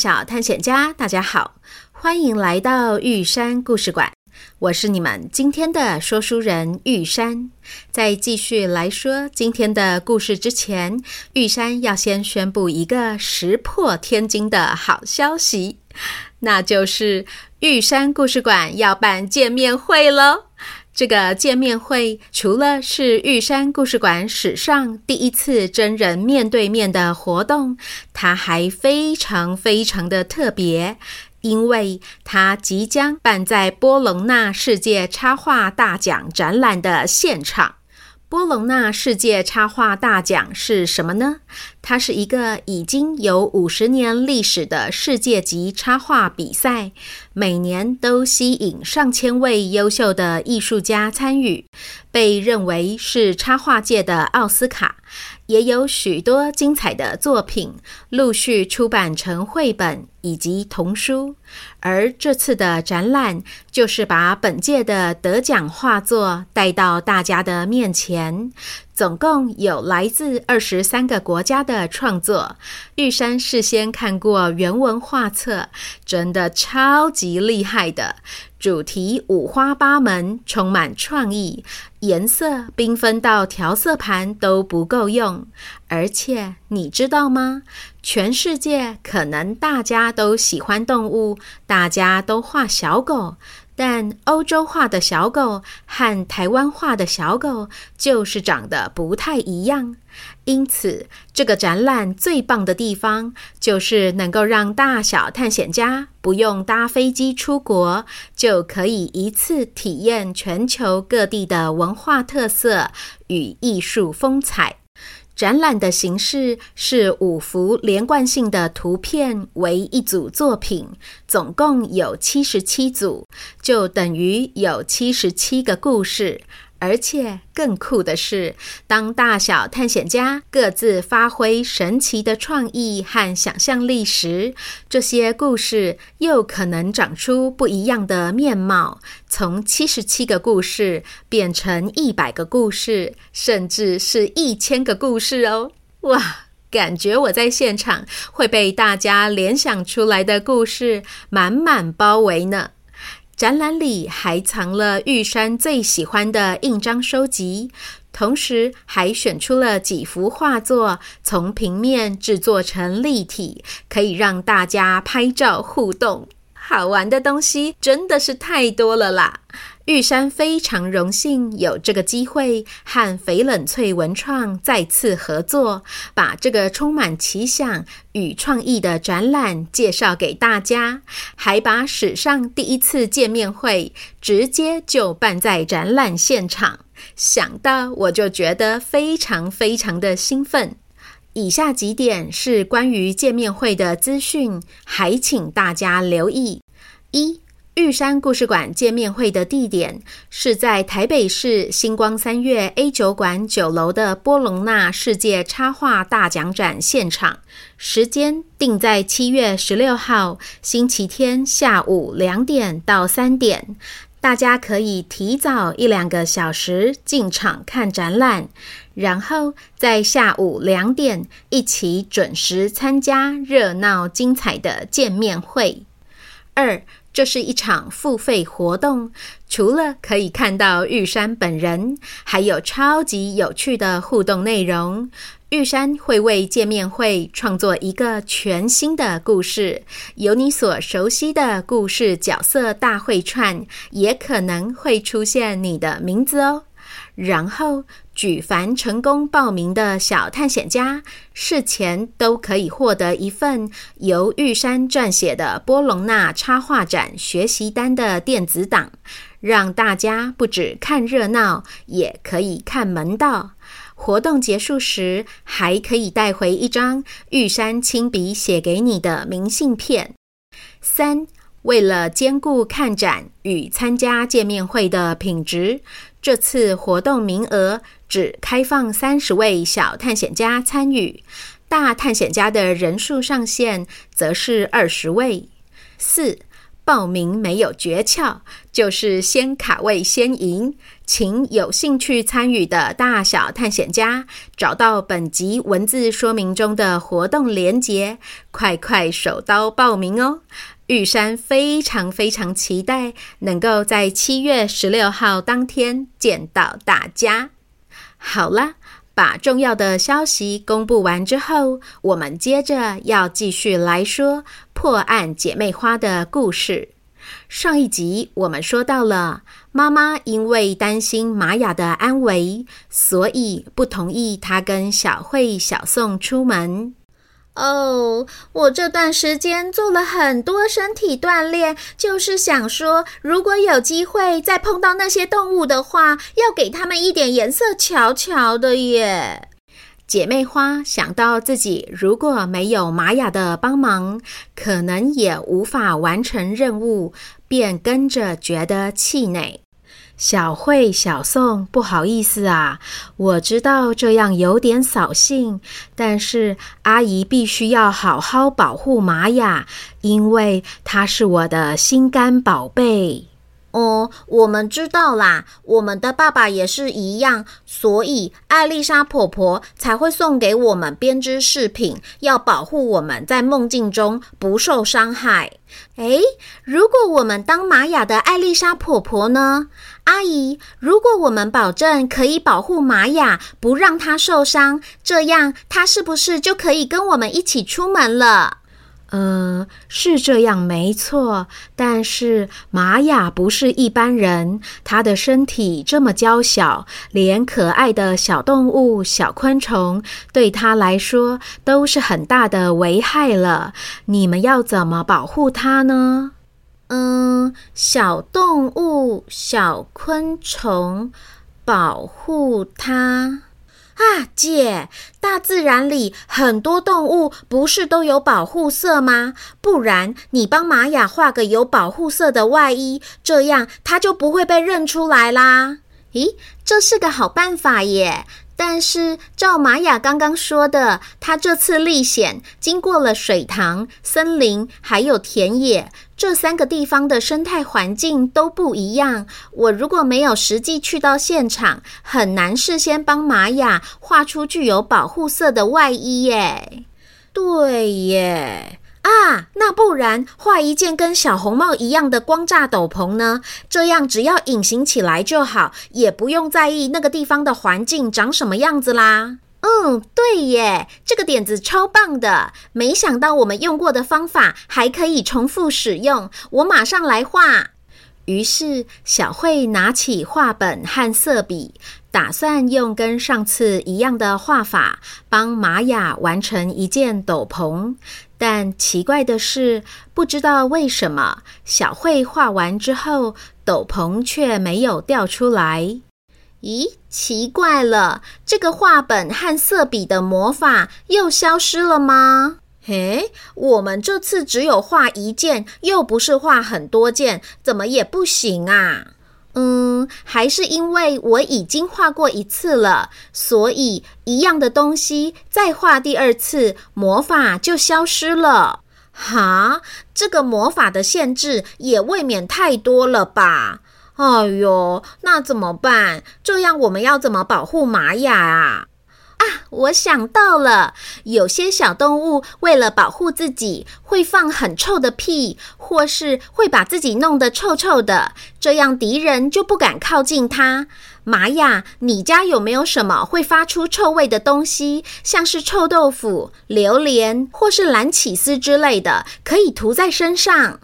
小探險家，大家好，歡迎來到玉山故事館。我是你們今天的說書人玉山。在繼續來說今天的故事之前，玉山要先宣布一個石破天驚的好消息，那就是玉山故事館要辦見面會嘍。這個見面會除了是玉山故事館史上第一次真人面對面的活動，它還非常非常的特別，因為它即將辦在波隆納世界插畫大獎展覽的現場。波隆納世界插畫大獎是什麼呢？它是一個已經有五十年歷史的世界級插畫比賽，每年都吸引上千位優秀的藝術家參與，被認為是插畫界的奧斯卡。也有許多精彩的作品陸續出版成繪本以及童書。而這次的展覽就是把本屆的得獎畫作帶到大家的面前。總共有來自二十三個國家的創作，玉山事先看過原文畫冊，真的超級厲害的，主題五花八門，充滿創意，顏色繽紛到調色盤都不夠用，而且你知道嗎？全世界可能大家都喜歡動物，大家都畫小狗。但歐洲畫的小狗和台灣畫的小狗就是長得不太一樣，因此這個展覽最棒的地方就是能夠讓大小探險家不用搭飛機出國，就可以一次體驗全球各地的文化特色與藝術風采。展覽的形式是五幅連貫性的圖片為一組作品，總共有七十七組，就等於有七十七個故事。而且更酷的是，當大小探險家各自發揮神奇的創意和想象力時，這些故事又可能長出不一樣的面貌，從七十七個故事變成一百個故事，甚至是一千個故事哦。哇，感覺我在現場會被大家聯想出來的故事滿滿包圍呢。展覽裡還藏了玉山最喜歡的印章收集，同時還選出了幾幅畫作，從平面製作成立體，可以讓大家拍照互動。好玩的東西真的是太多了啦！玉山非常榮幸有這個機會和翡冷翠文創再次合作，把這個充滿奇想與創意的展覽介紹給大家，還把史上第一次見面會直接就辦在展覽現場，想到我就覺得非常非常的興奮。以下幾點是關於見面會的資訊，還請大家留意。一，玉山故事館見面會的地點是在台北市新光三越 A9 館九樓的波隆那世界插畫大獎展現場，時間定在七月十六號星期天下午兩點到三點。大家可以提早一兩個小時進場看展覽，然後在下午兩點一起準時參加熱鬧精彩的見面會。二，這是一場付費活動，除了可以看到玉山本人，還有超級有趣的互動內容。玉山會為見面會創作一個全新的故事，由你所熟悉的故事角色大會串，也可能會出現你的名字哦。然後，舉凡成功報名的小探險家，事前都可以獲得一份由玉山撰寫的波隆那插畫展學習單的電子檔，讓大家不只看熱鬧，也可以看門道。活動結束時，還可以帶回一張玉山親筆寫給你的明信片。三，為了兼顧看展與參加見面會的品質，這次活動名額只開放三十位小探險家參與，大探險家的人數上限則是二十位。四。報名沒有訣竅，就是先卡位先贏。請有興趣參與的大小探險家找到本集文字說明中的活動鏈接，快快手刀報名哦！玉山非常非常期待能夠在七月十六號當天見到大家。好啦。把重要的消息公布完之後，我們接着要繼續來說破案姐妹花的故事。上一集我們說到了，媽媽因為擔心瑪雅的安危，所以不同意她跟小慧、小宋出門。哦，我這段時間做了很多身體鍛鍊，就是想說，如果有機會再碰到那些動物的話，要給他們一點顏色瞧瞧的耶。姐妹花想到自己如果沒有瑪雅的幫忙，可能也無法完成任務，便跟着覺得氣餒。小慧、小宋，不好意思啊，我知道這樣有點掃興，但是阿姨必須要好好保護瑪雅，因為她是我的心肝寶貝。哦，我們知道啦，我們的爸爸也是一樣，所以艾麗莎婆婆才會送給我們編織飾品，要保護我們在夢境中不受傷害。哎，如果我們當瑪雅的艾麗莎婆婆呢？阿姨？如果我們保證可以保護瑪雅，不讓她受傷，這樣她是不是就可以跟我們一起出門了？嗯，是這樣，沒錯。但是瑪雅不是一般人，她的身體這麼嬌小，連可愛的小動物、小昆蟲，對她來說都是很大的危害了。你們要怎麼保護她呢？嗯，小動物、小昆蟲，保護它。啊，姐！大自然裡很多動物不是都有保護色嗎？不然你幫瑪雅畫個有保護色的外衣，這樣他就不會被認出來啦。咦，這是個好辦法耶！但是照瑪雅剛剛說的，他這次歷險經過了水塘、森林，還有田野。這三個地方的生態環境都不一樣，我如果沒有實際去到現場，很難事先幫瑪雅畫出具有保護色的外衣耶。對耶啊，那不然畫一件跟小紅帽一樣的光柵斗篷呢？這樣只要隱形起來就好，也不用在意那個地方的環境長什麼樣子啦。嗯，對耶，這個點子超棒的。沒想到我們用過的方法還可以重複使用，我馬上來畫。於是小慧拿起畫本和色筆，打算用跟上次一樣的畫法，幫瑪雅完成一件斗篷。但奇怪的是，不知道為什麼，小慧畫完之後，斗篷卻沒有掉出來。咦，奇怪了，這個畫本和色筆的魔法又消失了嗎？嘿，我們這次只有畫一件，又不是畫很多件，怎麼也不行啊？嗯，還是因為我已經畫過一次了，所以一樣的東西再畫第二次，魔法就消失了。哈，這個魔法的限制也未免太多了吧？哎呦，那怎麼辦？這樣我們要怎麼保護瑪雅啊？啊，我想到了，有些小動物為了保護自己，會放很臭的屁，或是會把自己弄得臭臭的，這樣敵人就不敢靠近它。瑪雅，你家有沒有什麼會發出臭味的東西？像是臭豆腐、榴蓮或是藍起司之類的，可以塗在身上。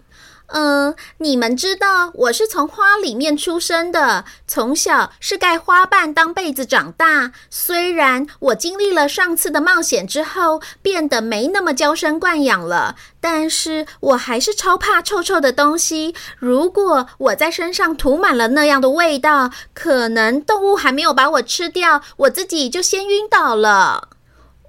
嗯，你們知道我是從花裡面出生的，從小是蓋花瓣當被子長大。雖然我經歷了上次的冒險之後變得沒那麼嬌生慣養了，但是我還是超怕臭臭的東西。如果我在身上塗滿了那樣的味道，可能動物還沒有把我吃掉，我自己就先暈倒了。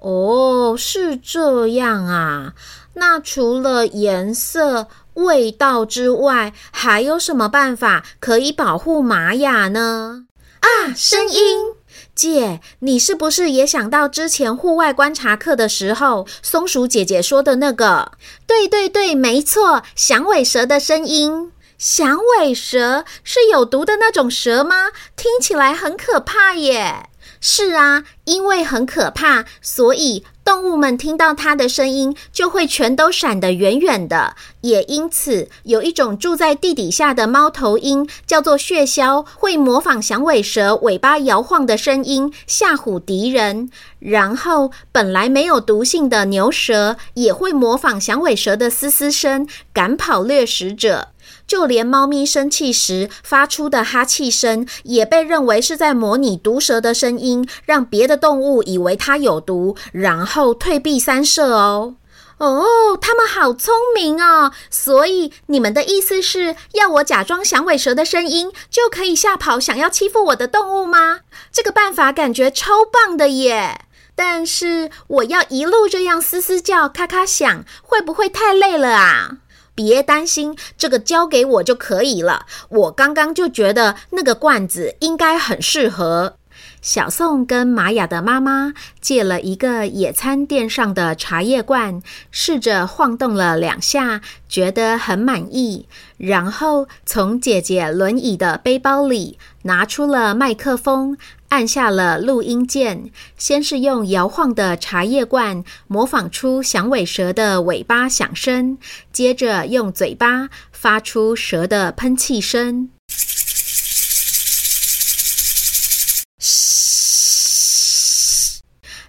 哦，是這樣啊。那除了顏色、味道之外，還有什麼辦法可以保護瑪雅呢？啊，聲音！姐，你是不是也想到之前戶外觀察課的時候，松鼠姐姐說的那個？對對對，沒錯，響尾蛇的聲音。響尾蛇是有毒的那種蛇嗎？聽起來很可怕耶。是啊，因為很可怕，所以，動物們聽到它的聲音，就會全都閃得遠遠的。也因此，有一種住在地底下的貓頭鷹，叫做穴鴞，會模仿響尾蛇尾巴搖晃的聲音嚇唬敵人。然後，本來沒有毒性的牛蛇也會模仿響尾蛇的嘶嘶聲，趕跑掠食者。就連貓咪生氣時發出的哈氣聲，也被認為是在模擬毒蛇的聲音，讓別的動物以為它有毒，然後退避三舍哦。哦，它們好聰明哦！所以你們的意思是要我假裝響尾蛇的聲音，就可以嚇跑想要欺負我的動物嗎？這個辦法感覺超棒的耶！但是我要一路這樣嘶嘶叫、咔咔響，會不會太累了啊？別擔心，這個交給我就可以了。我剛剛就覺得那個罐子應該很適合。小宋跟瑪雅的媽媽借了一個野餐墊上的茶葉罐，試着晃動了兩下，覺得很滿意。然後從姐姐輪椅的背包裡拿出了麥克風。按下了錄音鍵，先是用搖晃的茶葉罐模仿出響尾蛇的尾巴響聲，接着用嘴巴發出蛇的噴氣聲。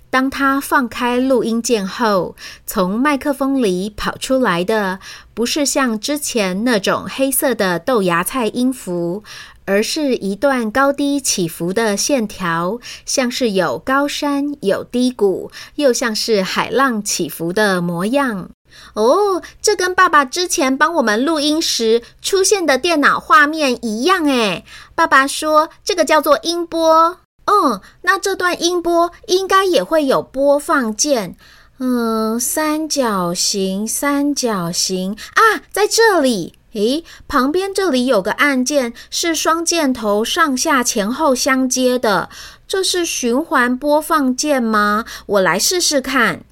當他放開錄音鍵後，從麥克風裡跑出來的不是像之前那種黑色的豆芽菜音符，而是一段高低起伏的線條，像是有高山有低谷，又像是海浪起伏的模樣。哦，這跟爸爸之前幫我們錄音時出現的電腦畫面一樣誒，爸爸說這個叫做音波。嗯，那這段音波應該也會有播放鍵。嗯，三角形，三角形啊，在這裡。誒，旁邊這裡有個按鍵，是雙箭頭上下前後相接的，這是循環播放鍵嗎？我來試試看。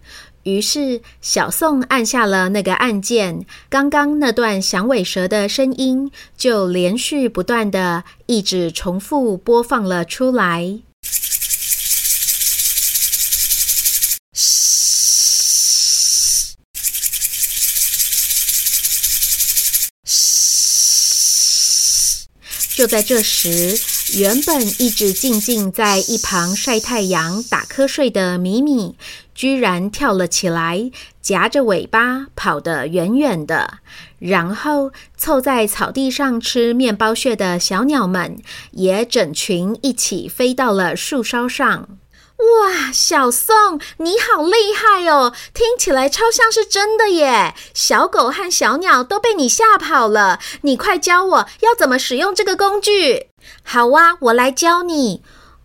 於是小宋按下了那個按鍵，剛剛那段響尾蛇的聲音就連續不斷地一直重複播放了出來。就在這時，原本一直靜靜在一旁曬太陽、打瞌睡的米米，居然跳了起來，夾着尾巴跑得遠遠的。然後，湊在草地上吃麵包屑的小鳥們，也整群一起飛到了樹梢上。哇，小宋，你好厲害哦！聽起來超像是真的耶！小狗和小鳥都被你嚇跑了，你快教我要怎麼使用這個工具。好哇，我來教你。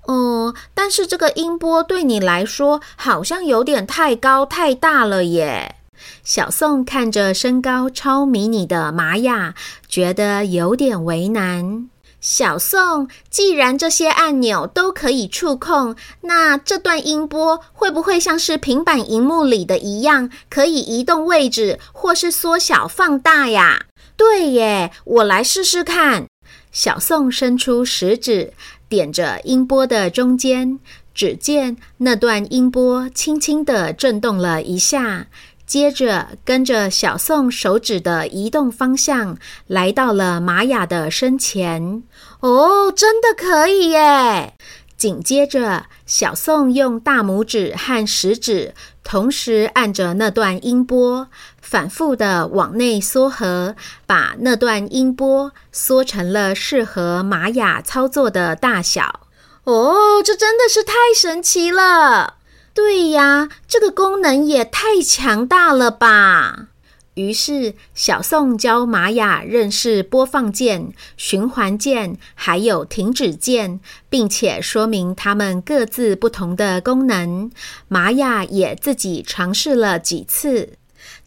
哦，但是這個音波對你來說好像有點太高太大了耶。小宋看着身高超迷你的瑪雅，覺得有點為難。小宋，既然這些按鈕都可以觸控，那這段音波會不會像是平板熒幕裡的一樣，可以移動位置或是縮小放大呀？對耶，我來試試看。小宋伸出食指，點着音波的中間，只見那段音波輕輕地震動了一下。接着跟着小宋手指的移動方向，來到了瑪雅的身前。哦，真的可以耶！緊接着，小宋用大拇指和食指同時按着那段音波，反覆地往內縮合，把那段音波縮成了適合瑪雅操作的大小。哦，這真的是太神奇了！對呀，這個功能也太強大了吧！於是小宋教瑪雅認識播放鍵、循環鍵還有停止鍵，並且說明它們各自不同的功能。瑪雅也自己嘗試了幾次。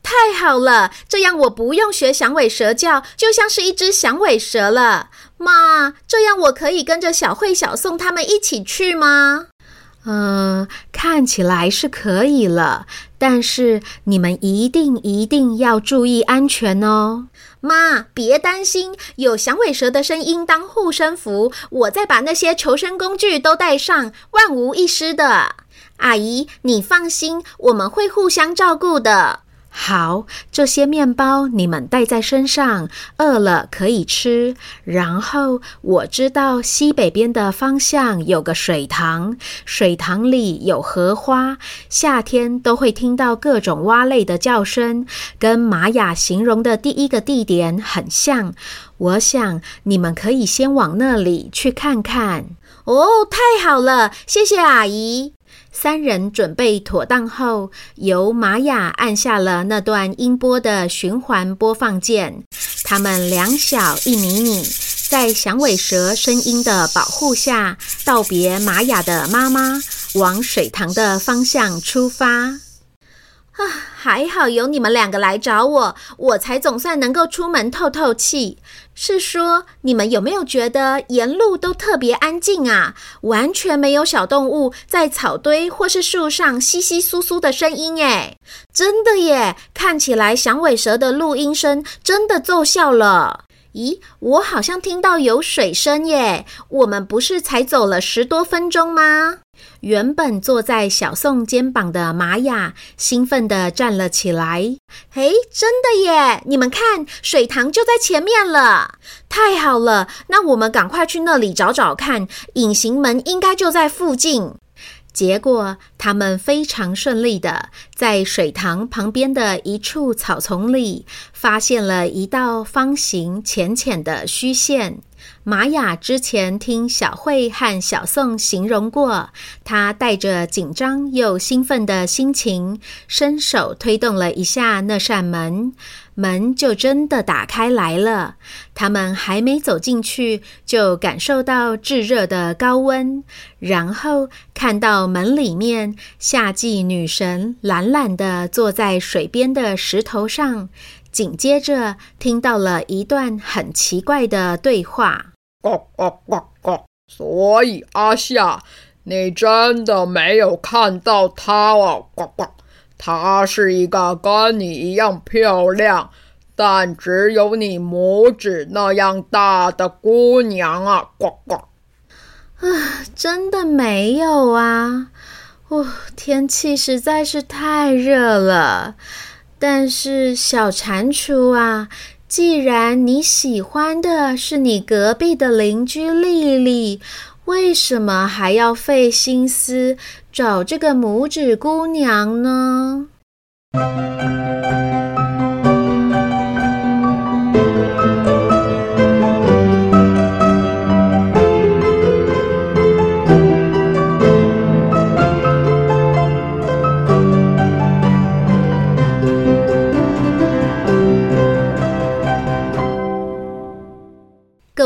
太好了，這樣我不用學響尾蛇叫，就像是一隻響尾蛇了。媽，這樣我可以跟着小慧、小宋他們一起去嗎？嗯，看起來是可以了，但是你們一定一定要注意安全哦。媽，別擔心，有響尾蛇的聲音當護身符，我再把那些求生工具都帶上，萬無一失的。阿姨，你放心，我們會互相照顧的。好，這些麵包你們帶在身上，餓了可以吃。然後我知道西北邊的方向有個水塘，水塘裡有荷花，夏天都會聽到各種蛙類的叫聲，跟瑪雅形容的第一個地點很像。我想你們可以先往那裡去看看。哦，太好了，謝謝阿姨。三人準備妥當後，由瑪雅按下了那段音波的循環播放鍵。他們兩小一迷你，在響尾蛇聲音的保護下，道別瑪雅的媽媽，往水塘的方向出發。啊，還好有你們兩個來找我，我才總算能夠出門透透氣。是說，你們有沒有覺得沿路都特別安靜啊？完全沒有小動物在草堆或是樹上窸窸窣窣的聲音，耶。真的耶！看起來響尾蛇的錄音聲真的奏效了。咦，我好像聽到有水聲耶！我們不是才走了十多分鐘嗎？原本坐在小宋肩膀的瑪雅興奮地站了起來。“誒，真的耶！你們看，水塘就在前面了，太好了！那我們趕快去那裡找找看，隱形門應該就在附近。”結果，他們非常順利地在水塘旁邊的一處草叢裡發現了一道方形、淺淺的虛線。瑪雅之前聽小慧和小宋形容過，她帶着緊張又興奮的心情，伸手推動了一下那扇門，門就真的打開來了。他們還沒走進去，就感受到炙熱的高溫，然後看到門裡面，夏季女神懶懶地坐在水邊的石頭上，緊接着聽到了一段很奇怪的對話。呱呱呱呱！所以阿夏，你真的沒有看到她哦、啊，呱呱！她是一個跟你一樣漂亮，但只有你拇指那樣大的姑娘啊，呱呱！啊、呃，真的沒有啊！哦，天氣實在是太熱了，但是小蟾蜍啊。既然你喜歡的是你隔壁的鄰居麗麗，為什麼還要費心思找這個拇指姑娘呢？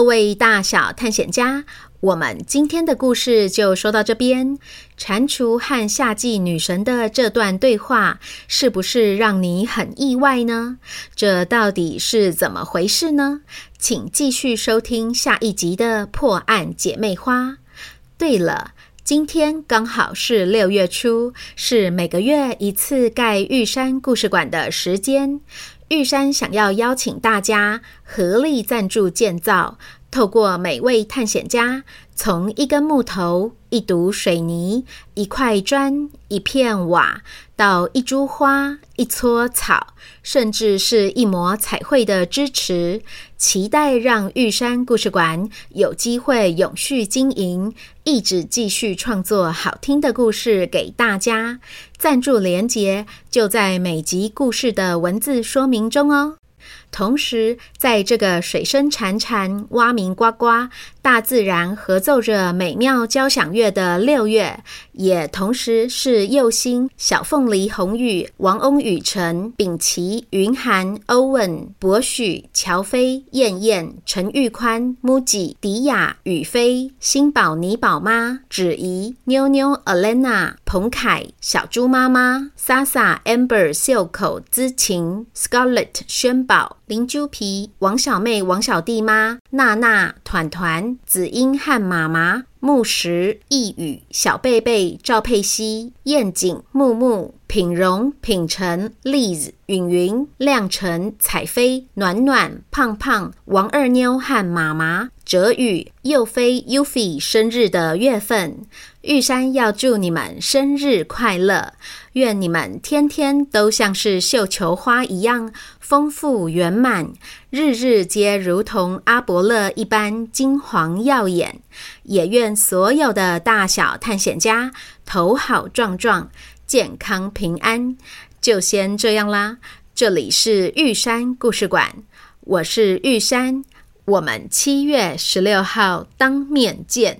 各位大小探險家，我們今天的故事就說到這邊。蟾蜍和夏季女神的這段對話，是不是讓你很意外呢？這到底是怎麼回事呢？請繼續收聽下一集的《破案姐妹花》。對了，今天剛好是六月初，是每個月一次蓋玉山故事館的時間。玉山想要邀請大家合力贊助建造，透過每位探險家，從一根木頭、一堵水泥、一塊磚、一片瓦，到一株花、一撮草，甚至是一抹彩繪的支持，期待讓玉山故事館有機會永續經營，一直繼續創作好聽的故事給大家。贊助連結就在每集故事的文字說明中哦。同時，在這個水聲潺潺、蛙鳴呱呱、大自然合奏着美妙交響樂的六月，也同時是佑星、小鳳梨紅、紅玉王恩雨辰、秉奇、雲涵、歐文、博許、喬飛、燕燕、陳玉寬、Muji、迪雅、雨飛、新寶、倪寶媽、芷怡、妞妞、Alana、彭凱、小豬媽媽、Sasa、Amber、袖口、知琴、Scarlett、宣。寶林、豬皮、王小妹、王小弟媽、娜娜、團團、子英和媽媽、木石、一宇、小貝貝、趙佩希、燕景、木木。品榮、品成、Liz、允雲、亮成、彩妃、暖暖、胖胖、王二妞和媽媽、哲宇、佑、菲、Yufi 生日的月份，玉山要祝你們生日快樂！願你們天天都像是繡球花一樣豐富圓滿，日日皆如同阿勃勒一般金黃耀眼。也願所有的大小探險家頭好壯壯。健康平安，就先這樣啦。這裡是玉山故事館，我是玉山，我們七月十六號當面見。